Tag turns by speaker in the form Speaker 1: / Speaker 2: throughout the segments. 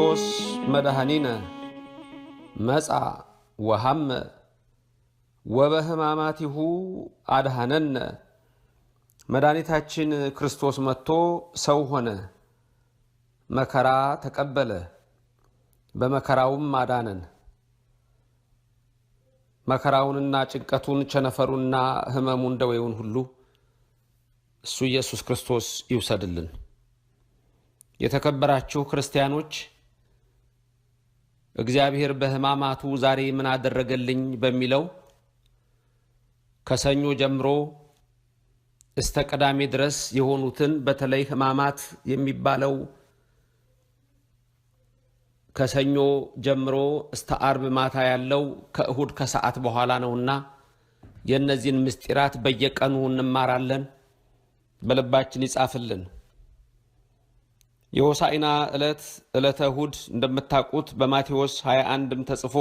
Speaker 1: ክርስቶስ መድኃኒነ መጻ ወሐመ ወበሕማማቲሁ አድኃነነ። መድኃኒታችን ክርስቶስ መጥቶ ሰው ሆነ፣ መከራ ተቀበለ፣ በመከራውም አዳነን። መከራውንና ጭንቀቱን ቸነፈሩንና ሕመሙን ደዌውን ሁሉ እሱ ኢየሱስ ክርስቶስ ይውሰድልን። የተከበራችሁ ክርስቲያኖች እግዚአብሔር በሕማማቱ ዛሬ ምን አደረገልኝ በሚለው ከሰኞ ጀምሮ እስተ ቅዳሜ ድረስ የሆኑትን በተለይ ሕማማት የሚባለው ከሰኞ ጀምሮ እስተ አርብ ማታ ያለው ከእሁድ ከሰዓት በኋላ ነውና የእነዚህን ምስጢራት በየቀኑ እንማራለን። በልባችን ይጻፍልን። የሆሳዕና ዕለት ዕለተ እሁድ እንደምታውቁት በማቴዎስ 21ም ተጽፎ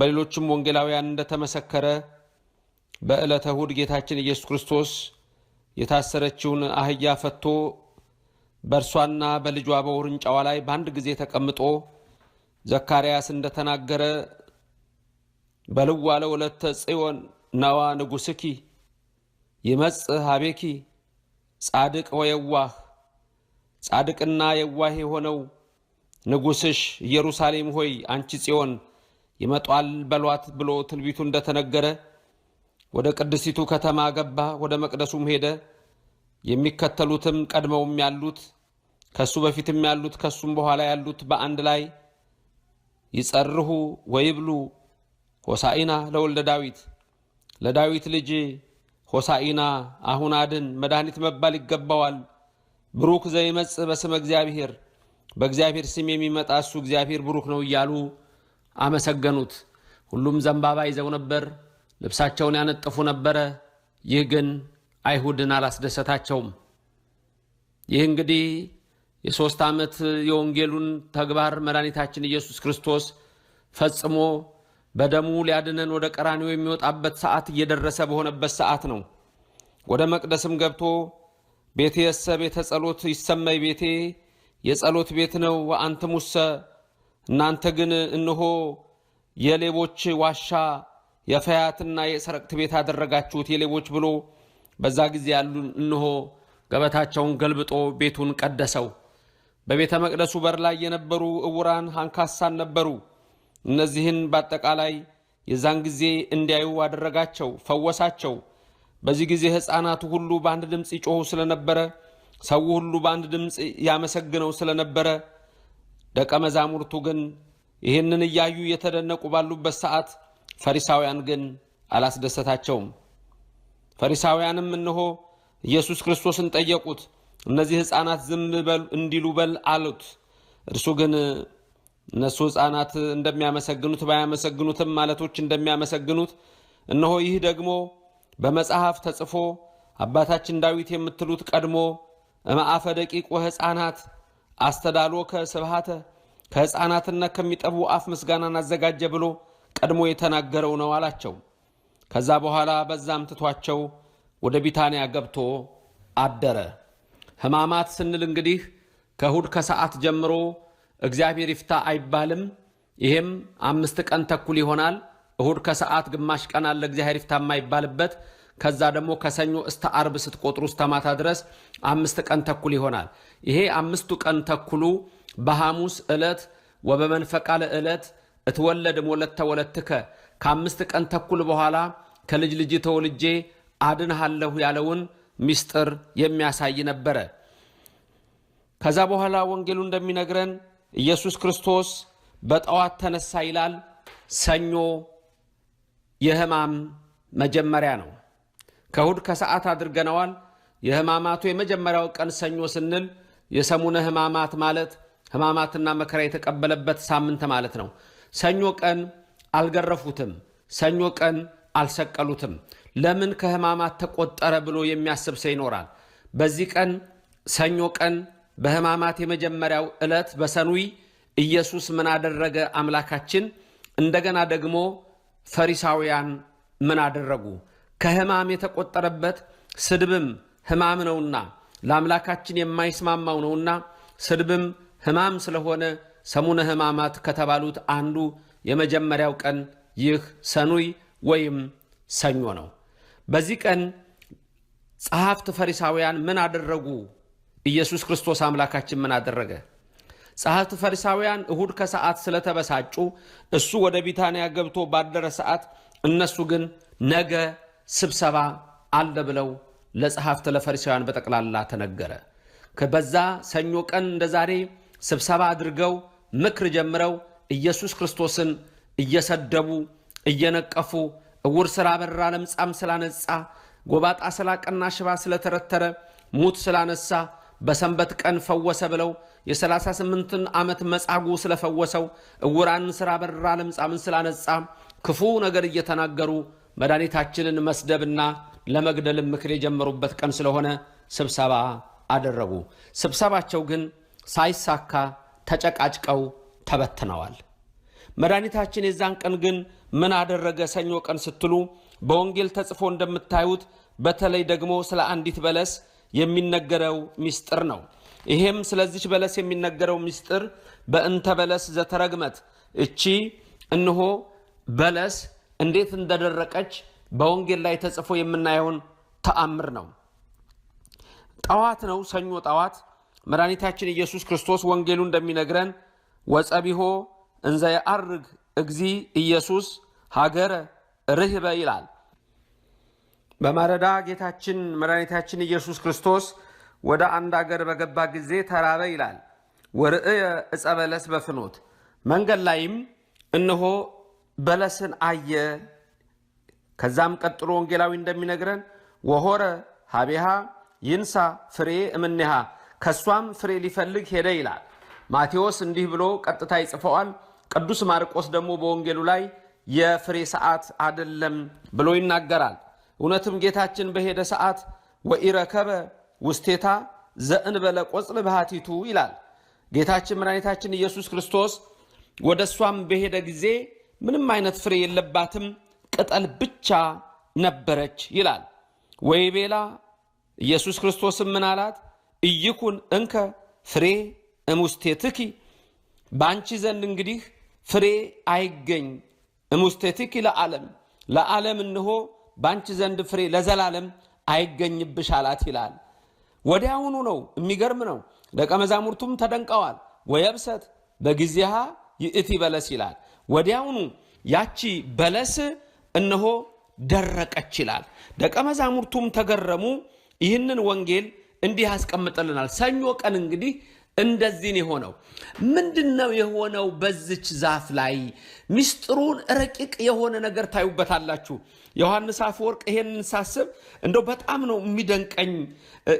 Speaker 1: በሌሎችም ወንጌላውያን እንደተመሰከረ በዕለተ እሁድ ጌታችን ኢየሱስ ክርስቶስ የታሰረችውን አህያ ፈቶ በእርሷና በልጇ በውርንጫዋ ላይ በአንድ ጊዜ ተቀምጦ ዘካርያስ እንደተናገረ በልዋለ ዕለተ ጽዮን ናዋ ንጉሥኪ ይመጽእ ሀቤኪ ጻድቅ ወየዋህ ጻድቅና የዋህ የሆነው ንጉሥሽ ኢየሩሳሌም ሆይ አንቺ ጽዮን ይመጧል በሏት ብሎ ትንቢቱ እንደተነገረ ወደ ቅድስቲቱ ከተማ ገባ፣ ወደ መቅደሱም ሄደ። የሚከተሉትም ቀድመውም ያሉት ከሱ በፊትም ያሉት ከሱም በኋላ ያሉት በአንድ ላይ ይጸርሁ ወይብሉ ሆሳኢና ለወልደ ዳዊት ለዳዊት ልጅ ሆሳኢና አሁን አድን መድኃኒት መባል ይገባዋል ብሩክ ዘይመጽእ በስመ እግዚአብሔር በእግዚአብሔር ስም የሚመጣ እሱ እግዚአብሔር ብሩክ ነው እያሉ አመሰገኑት። ሁሉም ዘንባባ ይዘው ነበር፣ ልብሳቸውን ያነጥፉ ነበረ። ይህ ግን አይሁድን አላስደሰታቸውም። ይህ እንግዲህ የሦስት ዓመት የወንጌሉን ተግባር መድኃኒታችን ኢየሱስ ክርስቶስ ፈጽሞ በደሙ ሊያድነን ወደ ቀራኒው የሚወጣበት ሰዓት እየደረሰ በሆነበት ሰዓት ነው። ወደ መቅደስም ገብቶ የሰ ቤተ ጸሎት ይሰማይ ቤቴ የጸሎት ቤት ነው። ሙሰ እናንተ ግን እንሆ የሌቦች ዋሻ የፈያትና የሰረቅት ቤት አደረጋችሁት። የሌቦች ብሎ በዛ ጊዜ ያሉ እንሆ ገበታቸውን ገልብጦ ቤቱን ቀደሰው። በቤተ መቅደሱ በር ላይ የነበሩ እውራን አንካሳን ነበሩ። እነዚህን በአጠቃላይ የዛን ጊዜ እንዲያዩ አደረጋቸው፣ ፈወሳቸው። በዚህ ጊዜ ሕፃናቱ ሁሉ በአንድ ድምፅ ይጮሁ ስለነበረ፣ ሰው ሁሉ በአንድ ድምፅ ያመሰግነው ስለነበረ፣ ደቀ መዛሙርቱ ግን ይህንን እያዩ እየተደነቁ ባሉበት ሰዓት ፈሪሳውያን ግን አላስደሰታቸውም። ፈሪሳውያንም እነሆ ኢየሱስ ክርስቶስን ጠየቁት፣ እነዚህ ሕፃናት ዝም በል እንዲሉ በል አሉት። እርሱ ግን እነሱ ሕፃናት እንደሚያመሰግኑት ባያመሰግኑትም ማለቶች እንደሚያመሰግኑት እነሆ ይህ ደግሞ በመጽሐፍ ተጽፎ አባታችን ዳዊት የምትሉት ቀድሞ እምአፈ ደቂቁ ሕፃናት አስተዳሎከ ስብሃተ ከሕፃናትነት ከሚጠቡ አፍ ምስጋናን አዘጋጀ ብሎ ቀድሞ የተናገረው ነው አላቸው። ከዛ በኋላ በዛም ትቷቸው ወደ ቢታንያ ገብቶ አደረ። ሕማማት ስንል እንግዲህ ከእሁድ ከሰዓት ጀምሮ እግዚአብሔር ይፍታ አይባልም። ይሄም አምስት ቀን ተኩል ይሆናል። እሁድ ከሰዓት ግማሽ ቀን አለ እግዚአብሔር ይፍታ የማይባልበት ከዛ ደግሞ ከሰኞ እስተ አርብ ስትቆጥሩ እስተ ማታ ድረስ አምስት ቀን ተኩል ይሆናል። ይሄ አምስቱ ቀን ተኩሉ በሐሙስ ዕለት ወበመንፈቃለ ዕለት እትወለድ ሞለተ ወለትከ ከአምስት ቀን ተኩል በኋላ ከልጅ ልጅ ተወልጄ አድንሃለሁ ያለውን ምስጢር የሚያሳይ ነበረ። ከዛ በኋላ ወንጌሉ እንደሚነግረን ኢየሱስ ክርስቶስ በጠዋት ተነሳ ይላል። ሰኞ የህማም መጀመሪያ ነው። ከእሁድ ከሰዓት አድርገነዋል። የህማማቱ የመጀመሪያው ቀን ሰኞ ስንል የሰሙነ ህማማት ማለት ህማማትና መከራ የተቀበለበት ሳምንት ማለት ነው። ሰኞ ቀን አልገረፉትም። ሰኞ ቀን አልሰቀሉትም። ለምን ከህማማት ተቆጠረ ብሎ የሚያስብ ሰው ይኖራል። በዚህ ቀን ሰኞ ቀን በህማማት የመጀመሪያው ዕለት በሰኑይ ኢየሱስ ምን አደረገ? አምላካችን እንደገና ደግሞ ፈሪሳውያን ምን አደረጉ? ከሕማም የተቆጠረበት ስድብም ሕማም ነውና ለአምላካችን የማይስማማው ነውና ስድብም ሕማም ስለሆነ ሰሙነ ሕማማት ከተባሉት አንዱ የመጀመሪያው ቀን ይህ ሰኑይ ወይም ሰኞ ነው። በዚህ ቀን ጸሐፍት ፈሪሳውያን ምን አደረጉ? ኢየሱስ ክርስቶስ አምላካችን ምን አደረገ? ጸሐፍት ፈሪሳውያን እሁድ ከሰዓት ስለተበሳጩ እሱ ወደ ቢታንያ ገብቶ ባደረ ሰዓት እነሱ ግን ነገ ስብሰባ አለ ብለው ለጸሐፍት ለፈሪሳውያን በጠቅላላ ተነገረ። በዛ ሰኞ ቀን እንደ ዛሬ ስብሰባ አድርገው ምክር ጀምረው ኢየሱስ ክርስቶስን እየሰደቡ እየነቀፉ እውር ስላበራ፣ ለምጻም ስላነጻ፣ ጎባጣ ስላቀና፣ ሽባ ስለተረተረ፣ ሙት ስላነሳ በሰንበት ቀን ፈወሰ ብለው የ38 ዓመት መጻጉዕ ስለፈወሰው፣ እውራንን በራ ለምጻምን ስላነጻ ክፉ ነገር እየተናገሩ መድኃኒታችንን መስደብና ለመግደልም ምክር የጀመሩበት ቀን ስለሆነ ስብሰባ አደረጉ። ስብሰባቸው ግን ሳይሳካ ተጨቃጭቀው ተበትነዋል። መድኃኒታችን የዛን ቀን ግን ምን አደረገ? ሰኞ ቀን ስትሉ በወንጌል ተጽፎ እንደምታዩት በተለይ ደግሞ ስለ አንዲት በለስ የሚነገረው ሚስጥር ነው። ይሄም ስለዚች በለስ የሚነገረው ሚስጥር በእንተ በለስ ዘተረግመት፣ እቺ እንሆ በለስ እንዴት እንደደረቀች በወንጌል ላይ ተጽፎ የምናየውን ተአምር ነው። ጠዋት ነው፣ ሰኞ ጠዋት መድኃኒታችን ኢየሱስ ክርስቶስ ወንጌሉ እንደሚነግረን ወጸቢሆ እንዘ የአርግ እግዚ ኢየሱስ ሀገረ ርህበ ይላል። በማረዳ ጌታችን መድኃኒታችን ኢየሱስ ክርስቶስ ወደ አንድ አገር በገባ ጊዜ ተራበ ይላል። ወርእየ ዕፀ በለስ በፍኖት መንገድ ላይም እነሆ በለስን አየ። ከዛም ቀጥሎ ወንጌላዊ እንደሚነግረን ወሆረ ሀቤሃ ይንሳ ፍሬ እምኔሃ ከእሷም ፍሬ ሊፈልግ ሄደ ይላል። ማቴዎስ እንዲህ ብሎ ቀጥታ ይጽፈዋል። ቅዱስ ማርቆስ ደግሞ በወንጌሉ ላይ የፍሬ ሰዓት አይደለም ብሎ ይናገራል። እውነትም ጌታችን በሄደ ሰዓት ወኢረከበ ውስቴታ ዘእንበለ ቆጽል ባህቲቱ ይላል። ጌታችን መድኃኒታችን ኢየሱስ ክርስቶስ ወደ እሷም በሄደ ጊዜ ምንም አይነት ፍሬ የለባትም፣ ቅጠል ብቻ ነበረች ይላል። ወይ ቤላ ኢየሱስ ክርስቶስም ምን አላት? እይኩን እንከ ፍሬ እሙስቴትኪ በአንቺ ዘንድ እንግዲህ ፍሬ አይገኝ። እሙስቴትኪ ለዓለም ለዓለም እንሆ በአንቺ ዘንድ ፍሬ ለዘላለም አይገኝብሽ አላት ይላል። ወዲያውኑ ነው። የሚገርም ነው። ደቀ መዛሙርቱም ተደንቀዋል። ወየብሰት በጊዜሃ ይእቲ በለስ ይላል። ወዲያውኑ ያቺ በለስ እነሆ ደረቀች ይላል። ደቀ መዛሙርቱም ተገረሙ። ይህንን ወንጌል እንዲህ ያስቀምጥልናል። ሰኞ ቀን እንግዲህ እንደዚህን የሆነው ምንድን ነው የሆነው? በዝች ዛፍ ላይ ሚስጥሩን ረቂቅ የሆነ ነገር ታዩበታላችሁ። ዮሐንስ አፈወርቅ ይሄንን ሳስብ እንደው በጣም ነው የሚደንቀኝ።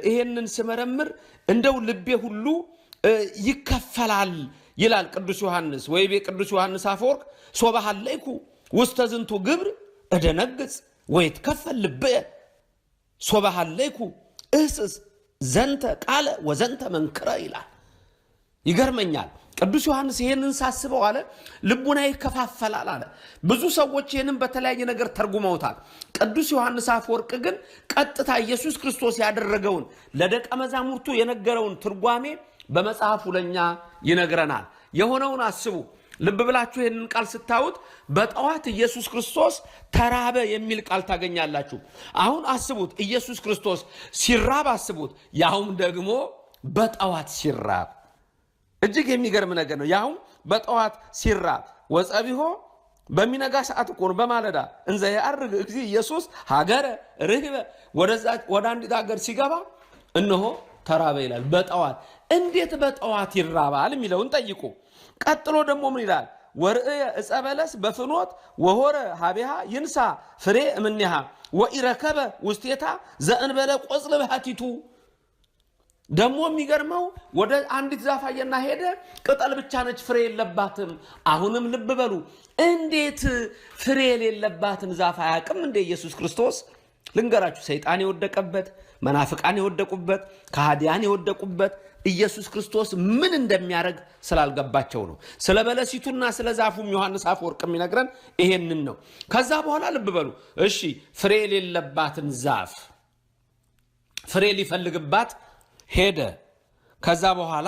Speaker 1: ይሄንን ስመረምር እንደው ልቤ ሁሉ ይከፈላል ይላል ቅዱስ ዮሐንስ። ወይቤ ቅዱስ ዮሐንስ አፈወርቅ ሶበ ሀለይኩ ውስተ ዝንቱ ግብር እደነግጽ ትከፈል ልብየ ሶበ እህስስ ዘንተ ቃለ ወዘንተ መንክረ ይላል። ይገርመኛል። ቅዱስ ዮሐንስ ይሄንን ሳስበው አለ ልቡና ይከፋፈላል አለ። ብዙ ሰዎች ይህንን በተለያየ ነገር ተርጉመውታል። ቅዱስ ዮሐንስ አፈወርቅ ግን ቀጥታ ኢየሱስ ክርስቶስ ያደረገውን ለደቀ መዛሙርቱ የነገረውን ትርጓሜ በመጽሐፉ ለእኛ ይነግረናል። የሆነውን አስቡ። ልብ ብላችሁ ይህንን ቃል ስታዩት በጠዋት ኢየሱስ ክርስቶስ ተራበ የሚል ቃል ታገኛላችሁ። አሁን አስቡት፣ ኢየሱስ ክርስቶስ ሲራብ አስቡት፣ ያውም ደግሞ በጠዋት ሲራብ እጅግ የሚገርም ነገር ነው። ያሁን በጠዋት ሲራብ ወፀቢሆ በሚነጋ ሰዓት እኮ ነው በማለዳ እንዘ የዐርግ እግዚ ኢየሱስ ሀገረ ርህበ ወደ አንዲት ሀገር ሲገባ እነሆ ተራበ ይላል። በጠዋት እንዴት በጠዋት ይራባል የሚለውን ጠይቁ። ቀጥሎ ደግሞ ምን ይላል? ወርእየ ዕፀ በለስ በፍኖት ወሆረ ሀቤሃ ይንሳ ፍሬ እምኔሃ ወኢረከበ ውስቴታ ዘእንበለ ቆጽል ባሕቲቱ ደግሞ የሚገርመው ወደ አንዲት ዛፍ ሄደ። ቅጠል ብቻ ነች፣ ፍሬ የለባትም። አሁንም ልብ በሉ፣ እንዴት ፍሬ የሌለባትን ዛፍ አያውቅም እንደ ኢየሱስ ክርስቶስ? ልንገራችሁ፣ ሰይጣን የወደቀበት፣ መናፍቃን የወደቁበት፣ ከሃዲያን የወደቁበት ኢየሱስ ክርስቶስ ምን እንደሚያደርግ ስላልገባቸው ነው። ስለ በለሲቱና ስለ ዛፉም ዮሐንስ አፈወርቅ የሚነግረን ይሄንን ነው። ከዛ በኋላ ልብ በሉ እሺ፣ ፍሬ የሌለባትን ዛፍ ፍሬ ሊፈልግባት ሄደ። ከዛ በኋላ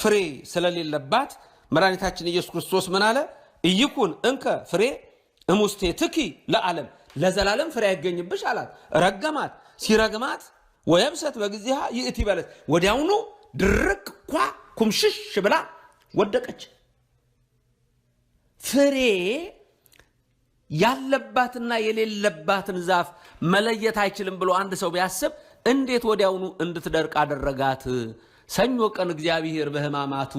Speaker 1: ፍሬ ስለሌለባት መድኃኒታችን ኢየሱስ ክርስቶስ ምን አለ? እይኩን እንከ ፍሬ እሙስቴ ትኪ ለዓለም ለዘላለም ፍሬ አይገኝብሽ አላት። ረገማት። ሲረግማት ወየብሰት በጊዜሃ ይእቲ በለት ወዲያውኑ ድርቅ ኳ ኩምሽሽ ብላ ወደቀች። ፍሬ ያለባትና የሌለባትን ዛፍ መለየት አይችልም ብሎ አንድ ሰው ቢያስብ እንዴት ወዲያውኑ እንድትደርቅ አደረጋት? ሰኞ ቀን እግዚአብሔር በሕማማቱ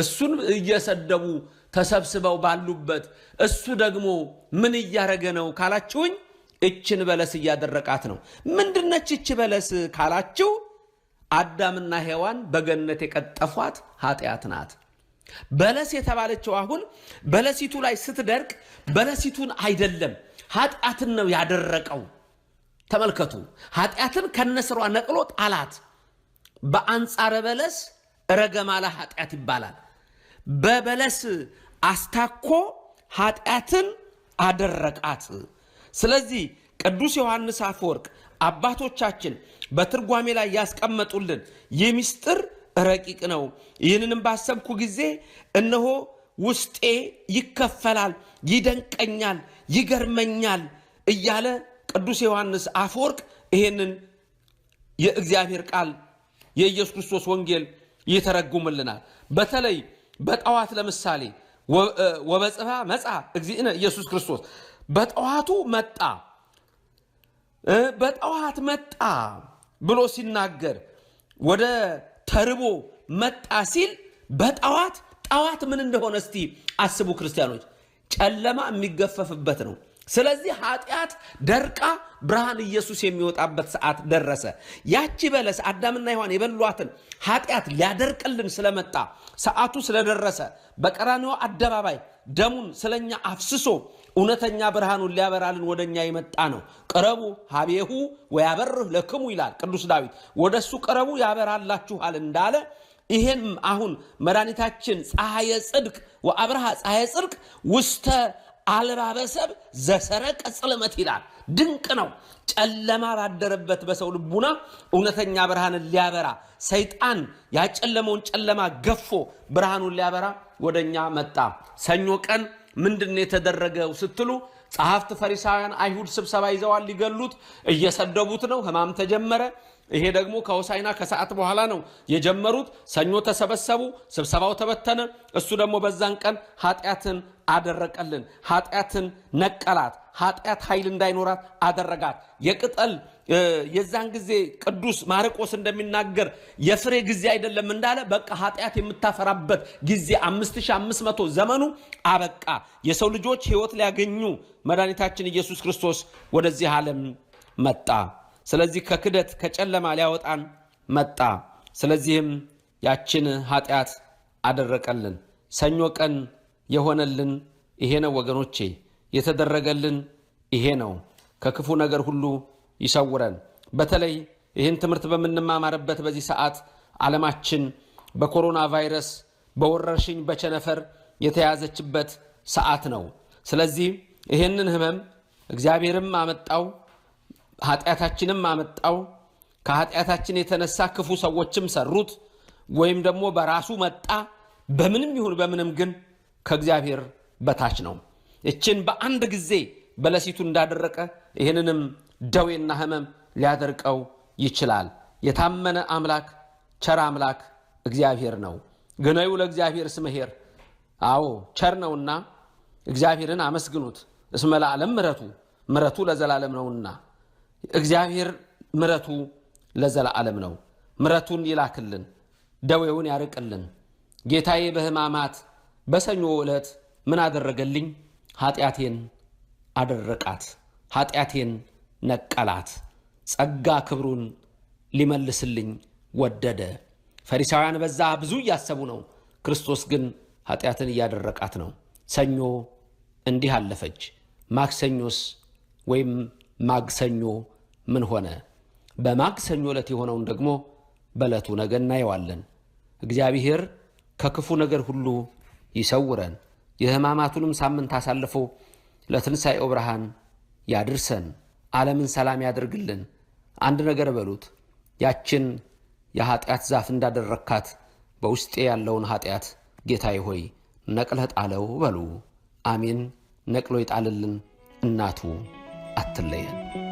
Speaker 1: እሱን እየሰደቡ ተሰብስበው ባሉበት እሱ ደግሞ ምን እያደረገ ነው ካላችሁኝ፣ እችን በለስ እያደረቃት ነው። ምንድነች እች በለስ ካላችሁ፣ አዳምና ሔዋን በገነት የቀጠፏት ኃጢአት ናት። በለስ የተባለችው አሁን በለሲቱ ላይ ስትደርቅ በለሲቱን አይደለም ኃጢአትን ነው ያደረቀው። ተመልከቱ። ኃጢአትን ከነስሯ ነቅሎ ጣላት። በአንጻረ በለስ ረገማላ ኃጢአት ይባላል። በበለስ አስታኮ ኃጢአትን አደረቃት። ስለዚህ ቅዱስ ዮሐንስ አፈወርቅ አባቶቻችን በትርጓሜ ላይ ያስቀመጡልን ይህ ምስጢር ረቂቅ ነው። ይህንንም ባሰብኩ ጊዜ እነሆ ውስጤ ይከፈላል፣ ይደንቀኛል፣ ይገርመኛል እያለ ቅዱስ ዮሐንስ አፈወርቅ ይሄንን የእግዚአብሔር ቃል የኢየሱስ ክርስቶስ ወንጌል ይተረጉምልናል። በተለይ በጠዋት ለምሳሌ ወበጽባ መጻ እግዚእነ ኢየሱስ ክርስቶስ በጠዋቱ መጣ፣ በጠዋት መጣ ብሎ ሲናገር ወደ ተርቦ መጣ ሲል በጠዋት ጠዋት ምን እንደሆነ እስቲ አስቡ ክርስቲያኖች። ጨለማ የሚገፈፍበት ነው። ስለዚህ ኃጢአት ደርቃ ብርሃን ኢየሱስ የሚወጣበት ሰዓት ደረሰ። ያቺ በለስ አዳምና ሔዋን የበሏትን ኃጢአት ሊያደርቅልን ስለመጣ ሰዓቱ ስለደረሰ በቀራንዮ አደባባይ ደሙን ስለኛ አፍስሶ እውነተኛ ብርሃኑን ሊያበራልን ወደ እኛ የመጣ ነው። ቅረቡ ሀቤሁ ወያበርህ ለክሙ ይላል ቅዱስ ዳዊት። ወደ እሱ ቅረቡ ያበራላችኋል እንዳለ ይሄም አሁን መድኃኒታችን ፀሐየ ጽድቅ ወአብርሃ ፀሐየ ጽድቅ ውስተ አልባበሰብ ዘሰረ ቀጽለመት ይላል። ድንቅ ነው። ጨለማ ባደረበት በሰው ልቡና እውነተኛ ብርሃንን ሊያበራ ሰይጣን ያጨለመውን ጨለማ ገፎ ብርሃኑን ሊያበራ ወደ እኛ መጣ። ሰኞ ቀን ምንድን የተደረገው ስትሉ ጸሐፍት፣ ፈሪሳውያን፣ አይሁድ ስብሰባ ይዘዋል። ሊገሉት እየሰደቡት ነው። ህማም ተጀመረ። ይሄ ደግሞ ከሆሳዕና ከሰዓት በኋላ ነው የጀመሩት። ሰኞ ተሰበሰቡ፣ ስብሰባው ተበተነ። እሱ ደግሞ በዛን ቀን ኃጢአትን አደረቀልን፣ ኃጢአትን ነቀላት፣ ኃጢአት ኃይል እንዳይኖራት አደረጋት። የቅጠል የዛን ጊዜ ቅዱስ ማርቆስ እንደሚናገር የፍሬ ጊዜ አይደለም እንዳለ በቃ ኃጢአት የምታፈራበት ጊዜ 5500 ዘመኑ አበቃ። የሰው ልጆች ሕይወት ሊያገኙ መድኃኒታችን ኢየሱስ ክርስቶስ ወደዚህ ዓለም መጣ። ስለዚህ ከክደት ከጨለማ ሊያወጣን መጣ። ስለዚህም ያችን ኃጢአት አደረቀልን። ሰኞ ቀን የሆነልን ይሄ ነው ወገኖቼ፣ የተደረገልን ይሄ ነው። ከክፉ ነገር ሁሉ ይሰውረን። በተለይ ይህን ትምህርት በምንማማርበት በዚህ ሰዓት ዓለማችን በኮሮና ቫይረስ በወረርሽኝ በቸነፈር የተያዘችበት ሰዓት ነው። ስለዚህ ይህንን ህመም እግዚአብሔርም አመጣው ኃጢአታችንም አመጣው። ከኃጢአታችን የተነሳ ክፉ ሰዎችም ሰሩት፣ ወይም ደግሞ በራሱ መጣ። በምንም ይሁን በምንም ግን ከእግዚአብሔር በታች ነው። ይችን በአንድ ጊዜ በለሲቱ እንዳደረቀ ይህንንም ደዌና ህመም ሊያደርቀው ይችላል። የታመነ አምላክ ቸር አምላክ እግዚአብሔር ነው። ግነዩ ለእግዚአብሔር ስመሄር አዎ ቸር ነውና እግዚአብሔርን አመስግኑት። እስመ ለዓለም ምረቱ ምሕረቱ ለዘላለም ነውና እግዚአብሔር ምረቱ ለዘላዓለም ነው። ምረቱን ይላክልን፣ ደዌውን ያርቅልን። ጌታዬ በሕማማት በሰኞ ዕለት ምን አደረገልኝ? ኃጢአቴን አደረቃት፣ ኃጢአቴን ነቀላት። ጸጋ ክብሩን ሊመልስልኝ ወደደ። ፈሪሳውያን በዛ ብዙ እያሰቡ ነው። ክርስቶስ ግን ኃጢአትን እያደረቃት ነው። ሰኞ እንዲህ አለፈች። ማክሰኞስ ወይም ማግሰኞ ምን ሆነ? በማክሰኞ ዕለት የሆነውን ደግሞ በዕለቱ ነገ እናየዋለን። እግዚአብሔር ከክፉ ነገር ሁሉ ይሰውረን፣ የሕማማቱንም ሳምንት አሳልፎ ለትንሣኤው ብርሃን ያድርሰን፣ ዓለምን ሰላም ያደርግልን። አንድ ነገር በሉት፣ ያችን የኃጢአት ዛፍ እንዳደረግካት በውስጤ ያለውን ኃጢአት ጌታዬ ሆይ ነቅለህ ጣለው በሉ። አሜን። ነቅሎ ይጣልልን፣ እናቱ አትለየን።